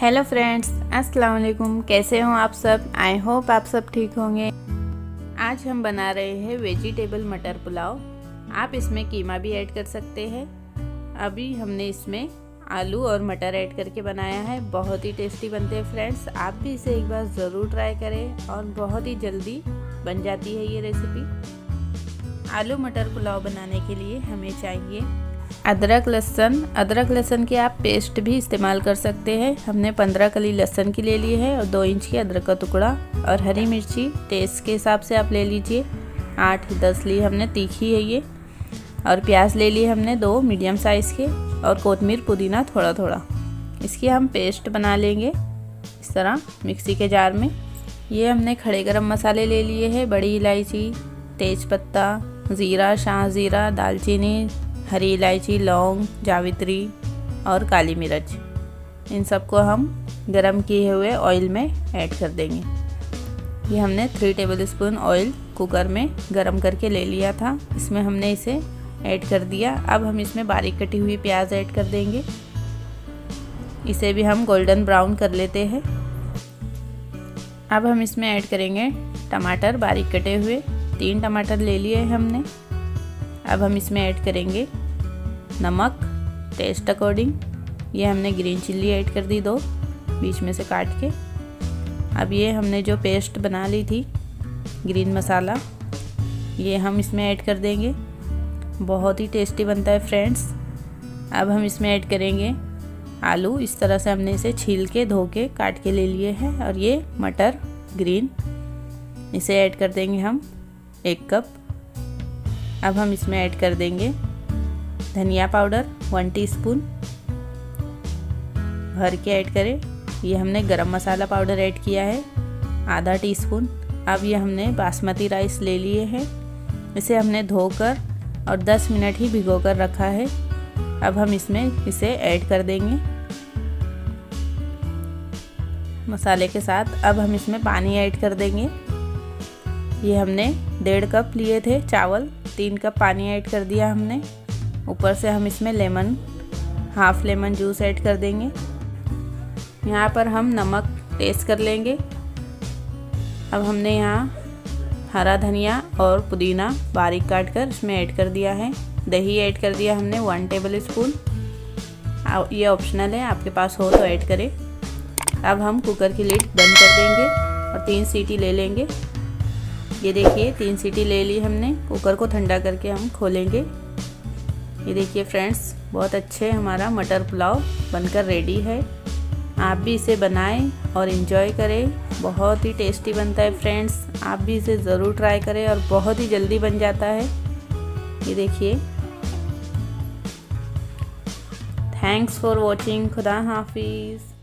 hello friends अस्सलाम वालेकुम कैसे हो आप सब आई होप आप सब ठीक होंगे आज हम बना रहे हैं वेजिटेबल मटर पुलाव आप इसमें कीमा भी ऐड कर सकते हैं अभी हमने इसमें आलू और मटर ऐड करके बनाया है बहुत ही टेस्टी बनते हैं फ्रेंड्स आप भी इसे एक बार ज़रूर ट्राई करें और बहुत ही जल्दी बन जाती है ये रेसिपी आलू मटर पुलाव बनाने के लिए हमें चाहिए अदरक लहसन अदरक लहसन की आप पेस्ट भी इस्तेमाल कर सकते हैं हमने पंद्रह कली लहसन की ले ली है और दो इंच की अदरक का टुकड़ा और हरी मिर्ची टेस्ट के हिसाब से आप ले लीजिए आठ दस ली हमने तीखी है ये और प्याज ले ली हमने दो मीडियम साइज़ के और कोतमीर पुदीना थोड़ा थोड़ा इसकी हम पेस्ट बना लेंगे इस तरह मिक्सी के जार में ये हमने खड़े गरम मसाले ले लिए हैं बड़ी इलायची तेज़पत्ता ज़ीरा शाह ज़ीरा दालचीनी हरी इलायची लौंग जावित्री और काली मिर्च इन सबको हम गरम किए हुए ऑयल में ऐड कर देंगे ये हमने three tablespoon oil cooker में गरम करके ले लिया था इसमें हमने इसे ऐड कर दिया अब हम इसमें बारीक कटी हुई प्याज ऐड कर देंगे इसे भी हम गोल्डन ब्राउन कर लेते हैं अब हम इसमें ऐड करेंगे टमाटर बारीक कटे हुए तीन टमाटर ले लिए हमने अब हम इसमें ऐड करेंगे नमक टेस्ट अकॉर्डिंग ये हमने ग्रीन चिल्ली ऐड कर दी दो बीच में से काट के अब ये हमने जो पेस्ट बना ली थी ग्रीन मसाला ये हम इसमें ऐड कर देंगे बहुत ही टेस्टी बनता है फ्रेंड्स अब हम इसमें ऐड करेंगे आलू इस तरह से हमने इसे छील के धो के काट के ले लिए हैं और ये मटर ग्रीन इसे ऐड कर देंगे हम एक कप अब हम इसमें ऐड कर देंगे धनिया पाउडर वन टीस्पून भर के ऐड करें ये हमने गरम मसाला पाउडर ऐड किया है आधा टीस्पून अब ये हमने बासमती राइस ले लिए हैं इसे हमने धोकर और 10 मिनट ही भिगो कर रखा है अब हम इसमें इसे ऐड कर देंगे मसाले के साथ अब हम इसमें पानी ऐड कर देंगे ये हमने डेढ़ कप लिए थे चावल तीन कप पानी ऐड कर दिया हमने ऊपर से हम इसमें lemon half lemon juice add कर देंगे यहाँ पर हम नमक टेस्ट कर लेंगे अब हमने यहाँ हरा धनिया और पुदीना बारीक काट कर इसमें ऐड कर दिया है दही ऐड कर दिया हमने वन टेबल स्पून ये ऑप्शनल है आपके पास हो तो ऐड करें अब हम कुकर की लीड बंद कर देंगे और तीन सीटी ले लेंगे ये देखिए तीन सीटी ले ली हमने कुकर को ठंडा करके हम खोलेंगे ये देखिए फ्रेंड्स बहुत अच्छे हमारा मटर पुलाव बनकर रेडी है आप भी इसे बनाएं और इन्जॉय करें बहुत ही टेस्टी बनता है फ्रेंड्स आप भी इसे ज़रूर ट्राई करें और बहुत ही जल्दी बन जाता है ये देखिए थैंक्स फॉर वॉचिंग खुदा हाफिज़